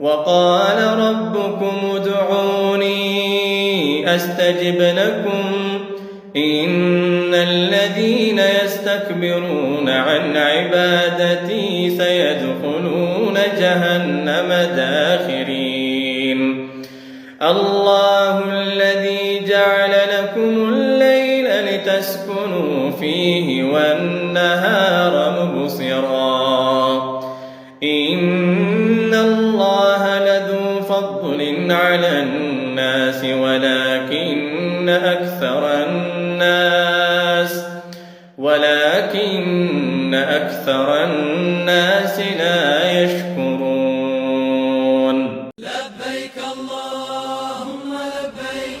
وقال ربكم ادعوني أستجب لكم إن الذين يستكبرون عن عبادتي سيدخلون جهنم داخرين الله الذي جعل لكم الليل لتسكنوا فيه والنهار مبصراً على الناس ولكن أكثر الناس ولكن أكثر الناس لا يشكرون لبيك اللهم لبيك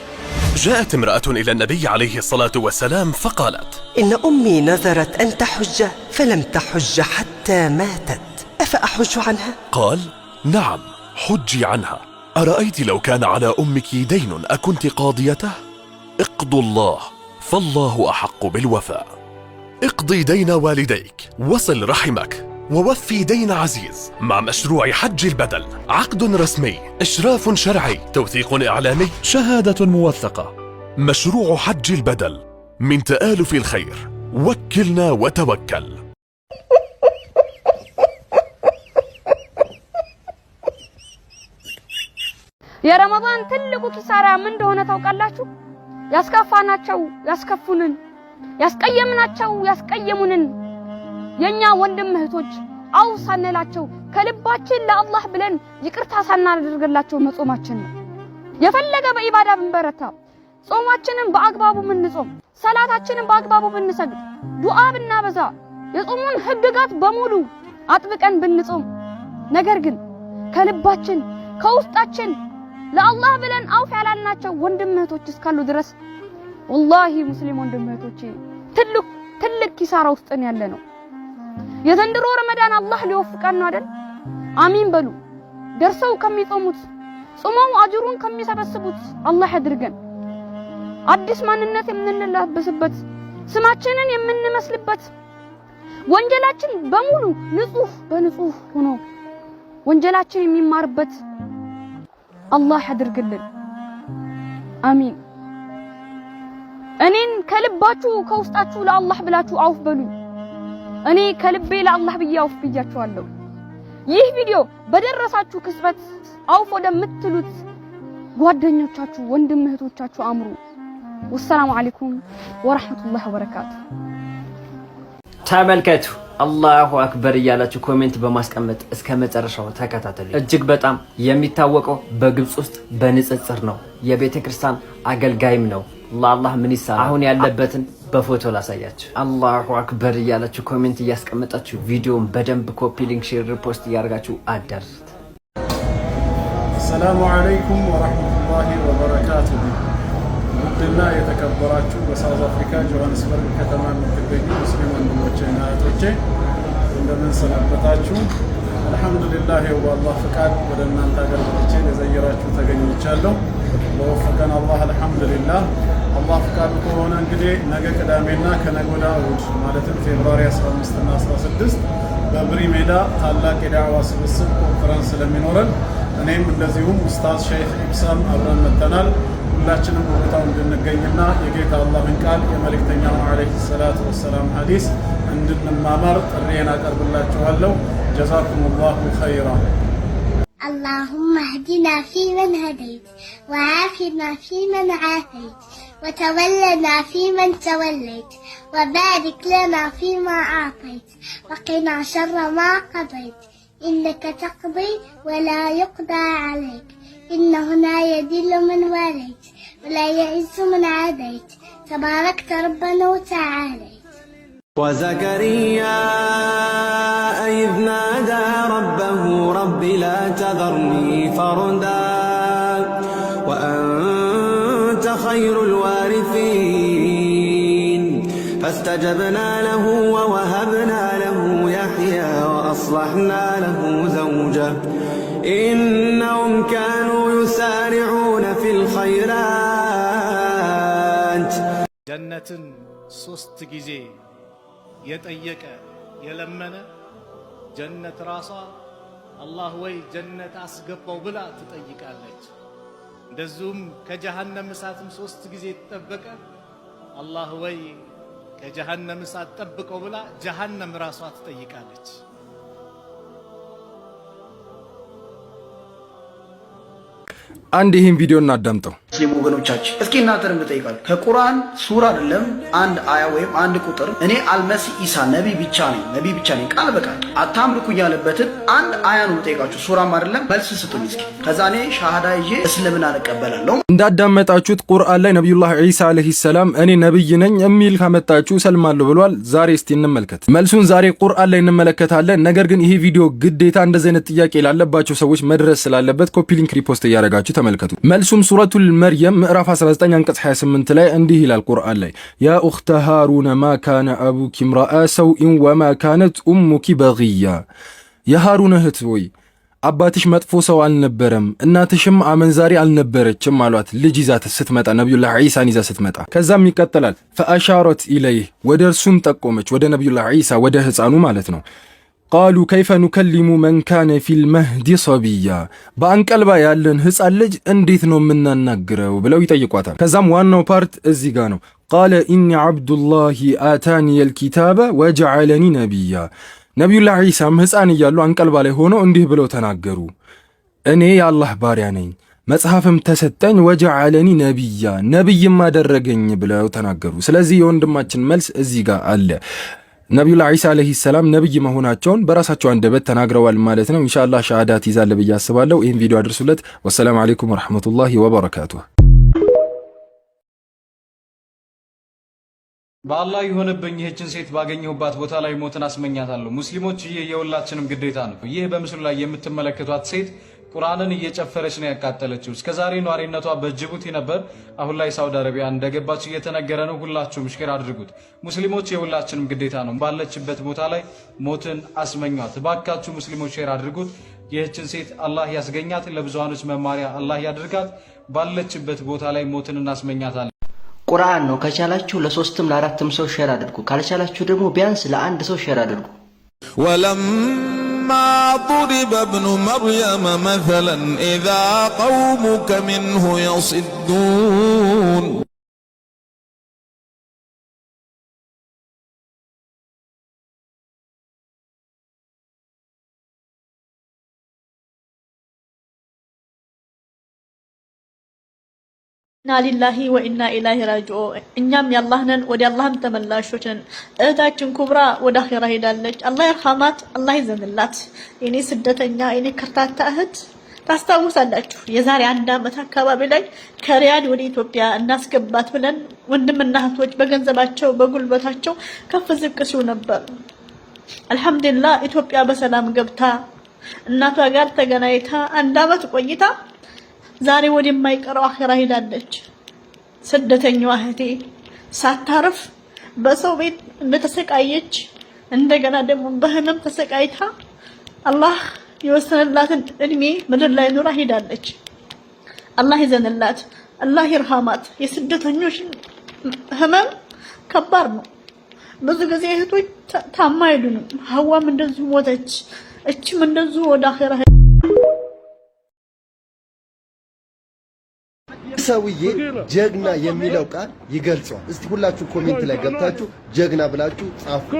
جاءت امرأة إلى النبي عليه الصلاة والسلام فقالت إن أمي نذرت أن تحج فلم تحج حتى ماتت أفأحج عنها؟ قال نعم حجي عنها أرأيت لو كان على أمك دين أكنت قاضيته؟ اقضوا الله فالله أحق بالوفاء اقضي دين والديك وصل رحمك ووفي دين عزيز مع مشروع حج البدل عقد رسمي إشراف شرعي توثيق إعلامي شهادة موثقة مشروع حج البدل من تآلف الخير وكلنا وتوكل የረመዳን ትልቁ ኪሳራ ምን እንደሆነ ታውቃላችሁ? ያስከፋናቸው ያስከፉንን፣ ያስቀየምናቸው ያስቀየሙንን የኛ ወንድም እህቶች አው ሳንላቸው ከልባችን ለአላህ ብለን ይቅርታ ሳናደርግላቸው መጾማችን ነው። የፈለገ በኢባዳ ብንበረታ ጾማችንን በአግባቡ ብንጾም፣ ሰላታችንን በአግባቡ ብንሰግድ፣ ዱዓ ብናበዛ፣ የጾሙን ህግጋት በሙሉ አጥብቀን ብንጾም ነገር ግን ከልባችን ከውስጣችን ለአላህ ብለን አውፍ ያላልናቸው ወንድም እህቶች እስካሉ ድረስ ወላሂ ሙስሊም ወንድም እህቶቼ ትልቅ ትልቅ ኪሳራ ውስጥን ያለ ነው። የዘንድሮ ረመዳን አላህ ሊወፍቀን ነው አይደል? አሚን በሉ። ደርሰው ከሚጾሙት ጾመው አጅሩን ከሚሰበስቡት አላህ ያድርገን። አዲስ ማንነት የምንለብስበት ስማችንን የምንመስልበት ወንጀላችን በሙሉ ንጹህ በንጹህ ሆኖ ወንጀላችን የሚማርበት አላህ ያድርግልን። አሚን። እኔን ከልባችሁ ከውስጣችሁ ለአላህ ብላችሁ አውፍ በሉኝ። እኔ ከልቤ ለአላህ ብዬ አውፍ ብያችኋለሁ። ይህ ቪዲዮ በደረሳችሁ ክስበት አውፍ ወደምትሉት ጓደኞቻችሁ፣ ወንድም እህቶቻችሁ አምሩ። ወሰላሙ አለይኩም ወራህመቱላሂ ወበረካቱ። ተመልከቱ አላሁ አክበር እያላችሁ ኮሜንት በማስቀመጥ እስከ መጨረሻው ተከታተሉ። እጅግ በጣም የሚታወቀው በግብፅ ውስጥ በንጽጽር ነው። የቤተ ክርስቲያን አገልጋይም ነው። ለአላህ ምን ይሳላል? አሁን ያለበትን በፎቶ ላሳያችሁ። አላሁ አክበር እያላችሁ ኮሜንት እያስቀመጣችሁ ቪዲዮን በደንብ ኮፒ ሊንክ፣ ሼር፣ ሪፖስት እያደርጋችሁ አዳርት። ሰላሙ አለይኩም ወረሕመቱላሂ ወበረካቱሁ ውድና የተከበራችሁ በሳውዝ አፍሪካ ጆሃንስበርግ ከተማ የምትገኙ ሙስሊም ወንድሞቼና እህቶቼ እንደምን ሰነበታችሁ? አልሐምዱሊላህ በአላህ ፍቃድ ወደ እናንተ ሀገር መጥቼ የዘየራችሁ ተገኝቻለሁ። በወፈቀን አላህ አልሐምዱሊላህ። አላህ ፍቃዱ ከሆነ እንግዲህ ነገ ቅዳሜና ከነገ ወዲያ እሑድ ማለትም ፌብሯሪ 15ና 16 በብሪ ሜዳ ታላቅ የዳዕዋ ስብስብ ኮንፈረንስ ስለሚኖረን እኔም እንደዚሁም ኡስታዝ ሸይኽ ኢብሳም አብረን መጥተናል። ሁላችንም በቦታው እንድንገኝና የጌታ አላህን ቃል የመልእክተኛው ዓለይሂ ሰላቱ ወሰላም ሐዲስ እንድንማማር ጥሬን አቀርብላችኋለሁ። ጀዛኩም ኸይራ። اللهم اهدنا فيمن هديت وعافنا فيمن عافيت وتولنا فيمن توليت وبارك لنا فيما أعطيت وقنا شر ما قضيت إنك تقضي ولا يقضى عليك إن هنا يدل من واليت ولا يئس من عاديت تباركت ربنا وتعاليت وزكريا إذ نادى ربه رب لا تذرني فردا وأنت خير الوارثين فاستجبنا له ووهبنا له يحيى وأصلحنا له زوجه إنهم كانوا ወዩሳሪዑነ ፊል ኸይራት ጀነትን ሶስት ጊዜ የጠየቀ የለመነ ጀነት ራሷ አላህ ወይ ጀነት አስገባው ብላ ትጠይቃለች። እንደዚሁም ከጀሃነም እሳትም ሶስት ጊዜ የተጠበቀ አላህ ወይ ከጀሃነም እሳት ጠብቀው ብላ ጀሃነም ራሷ ትጠይቃለች። አንድ ይህን ቪዲዮ እናዳምጠው። ሙስሊም ወገኖቻችን እስኪ እናንተን የምጠይቃችሁ ከቁርአን ሱራ አይደለም አንድ አያ ወይም አንድ ቁጥር እኔ አልመሲ ኢሳ ነቢ ብቻ ነኝ ነቢ ብቻ ነኝ ቃል በቃል አታምልኩ እያለበትን አንድ አያ ነው የምጠይቃችሁ ሱራም አይደለም መልስ ስጡኝ እስኪ ከዛ እኔ ሻሃዳ ይዤ እስልምና እቀበላለሁ እንዳዳመጣችሁት ቁርአን ላይ ነቢዩላህ ዒሳ ዓለይሂ ሰላም እኔ ነብይ ነኝ የሚል ካመጣችሁ ሰልማለሁ ብሏል ዛሬ እስቲ እንመልከት መልሱን ዛሬ ቁርአን ላይ እንመለከታለን ነገር ግን ይሄ ቪዲዮ ግዴታ እንደዚህ አይነት ጥያቄ ላለባቸው ሰዎች መድረስ ስላለበት ኮፒ ሊንክ ሪፖስት እያደረጋችሁ ተመልከቱ መልሱም ሱረቱል መርየም ምዕራፍ 19 አንቀጽ 28 ላይ እንዲህ ይላል ቁርአን ላይ ያ ኡኽተ ሃሩነ ማ ካነ አቡኪ ምራአ ሰውኢን ወማ ካነት ኡሙኪ በግያ የሃሩን እህት ሆይ አባትሽ መጥፎ ሰው አልነበረም፣ እናትሽም አመንዛሪ አልነበረችም አሏት። ልጅ ይዛ ስትመጣ ነቢዩላህ ዒሳን ይዛ ስትመጣ፣ ከዛም ይቀጥላል ፈአሻረት ኢለይህ ወደ እርሱም ጠቆመች፣ ወደ ነቢዩላህ ዒሳ ወደ ህፃኑ ማለት ነው ቃሉ ከይፈ ኑከሊሙ መንካነ ፊል መህዲ ሰቢያ፣ በአንቀልባ ያለን ህፃን ልጅ እንዴት ነው የምናናግረው ብለው ይጠይቋታል። ከዛም ዋናው ፓርት እዚህ ጋ ነው። ቃለ ኢኒ ዓብዱላሂ አታኒ የልኪታበ ወጀዓለኒ ነቢያ። ነቢዩላህ ዒሳም ህፃን እያሉ አንቀልባ ላይ ሆነው እንዲህ ብለው ተናገሩ፣ እኔ የአላህ ባሪያ ነኝ መጽሐፍም ተሰጠኝ ወጀዓለኒ ነቢያ ነቢይም አደረገኝ ብለው ተናገሩ። ስለዚህ የወንድማችን መልስ እዚህ ጋር አለ። ነቢዩላ ዒሳ ዓለይሂ ሰላም ነብይ መሆናቸውን በራሳቸው አንደበት ተናግረዋል ማለት ነው። ኢንሻአላህ ሻሃዳ ትይዛለህ ብዬ አስባለሁ። ይህን ቪዲዮ አድርሱለት። ወሰላም አለይኩም ወረሕመቱላሂ ወበረካቱ። በአላህ የሆነብኝ ይህችን ሴት ባገኘሁባት ቦታ ላይ ሞትን አስመኛታለሁ። ሙስሊሞች ይህ የሁላችንም ግዴታ ነው። ይህ በምስሉ ላይ የምትመለከቷት ሴት ቁርአንን እየጨፈረች ነው ያቃጠለችው። እስከ ዛሬ ኗሪነቷ በጅቡቲ ነበር። አሁን ላይ ሳውዲ አረቢያ እንደገባች እየተነገረ ነው። ሁላችሁም ሽር አድርጉት። ሙስሊሞች የሁላችንም ግዴታ ነው። ባለችበት ቦታ ላይ ሞትን አስመኟት። ባካችሁ ሙስሊሞች ሽር አድርጉት። ይህችን ሴት አላህ ያስገኛት፣ ለብዙሃኖች መማሪያ አላህ ያድርጋት። ባለችበት ቦታ ላይ ሞትን እናስመኛታለን። ቁርአን ነው። ከቻላችሁ ለሶስትም ለአራትም ሰው ሼር አድርጉ። ካልቻላችሁ ደግሞ ቢያንስ ለአንድ ሰው ሼር አድርጉ። كما ضرب ابن مريم مثلا إذا قومك منه يصدون ኢና ሊላሂ ወኢና ኢላሂ ራጅኦ እኛም የአላህ ነን ወደ አላህም ተመላሾች ነን። እህታችን ኩብራ ወደ አኺራ ሄዳለች። አላህ ይርሐማት፣ አላህ ይዘንላት። የኔ ስደተኛ የኔ ከርታታ እህት ታስታውሳላችሁ፣ የዛሬ አንድ ዓመት አካባቢ ላይ ከሪያድ ወደ ኢትዮጵያ እናስገባት ብለን ወንድምና እህቶች በገንዘባቸው በጉልበታቸው ከፍ ዝቅ ሲሉ ነበር። አልሐምዱሊላህ ኢትዮጵያ በሰላም ገብታ እናቷ ጋር ተገናኝታ አንድ ዓመት ቆይታ ዛሬ ወደማይቀረው አኼራ ሄዳለች። ስደተኛዋ እህቴ ሳታርፍ በሰው ቤት እንደተሰቃየች እንደገና ደግሞ በህመም ተሰቃይታ አላህ የወሰነላትን እድሜ ምድር ላይ ኑራ ሄዳለች። አላህ ይዘንላት፣ አላህ ይርሃማት። የስደተኞች ህመም ከባድ ነው። ብዙ ጊዜ እህቶች ታማ አይዱንም። ሀዋም እንደዚሁ ሞተች፣ እችም እንደዚሁ ወደ አኼራ ሰውዬ ጀግና የሚለው ቃል ይገልጸዋል። እስቲ ሁላችሁ ኮሜንት ላይ ገብታችሁ ጀግና ብላችሁ ጻፉ።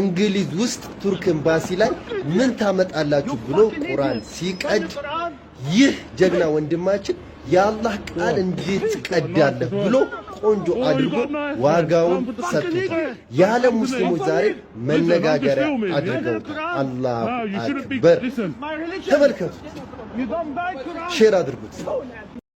እንግሊዝ ውስጥ ቱርክ ኤምባሲ ላይ ምን ታመጣላችሁ ብሎ ቁርአን ሲቀድ ይህ ጀግና ወንድማችን የአላህ ቃል እንዴት ቀዳለህ ብሎ ቆንጆ አድርጎ ዋጋውን ሰጥቶታል። የዓለም ሙስሊሞች ዛሬ መነጋገሪያ አድርገውታል። አላሁ አክበር! ተመልከቱት፣ ሼር አድርጉት።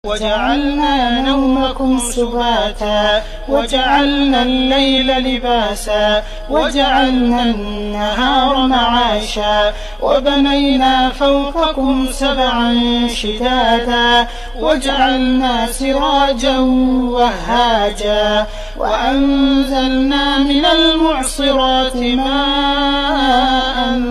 وجعلنا نومكم سباتا وجعلنا الليل لباسا وجعلنا النهار معاشا وبنينا فوقكم سبعا شتاتا وجعلنا سراجا وهاجا وأنزلنا من المعصرات ماء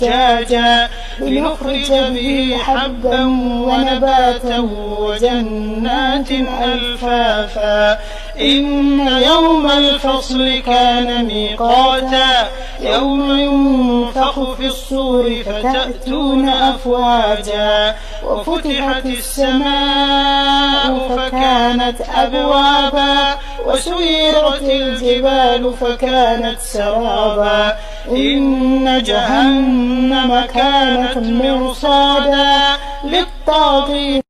ثجاجا لنخرج به حبا ونباتا وجنات ألفافا إن يوم الفصل كان ميقاتا يوم ينفخ في الصور فتأتون أفواجا وفتحت السماء فكانت أبوابا وسيرت الجبال فكانت سرابا إن جهنم كانت مرصادا للطاغين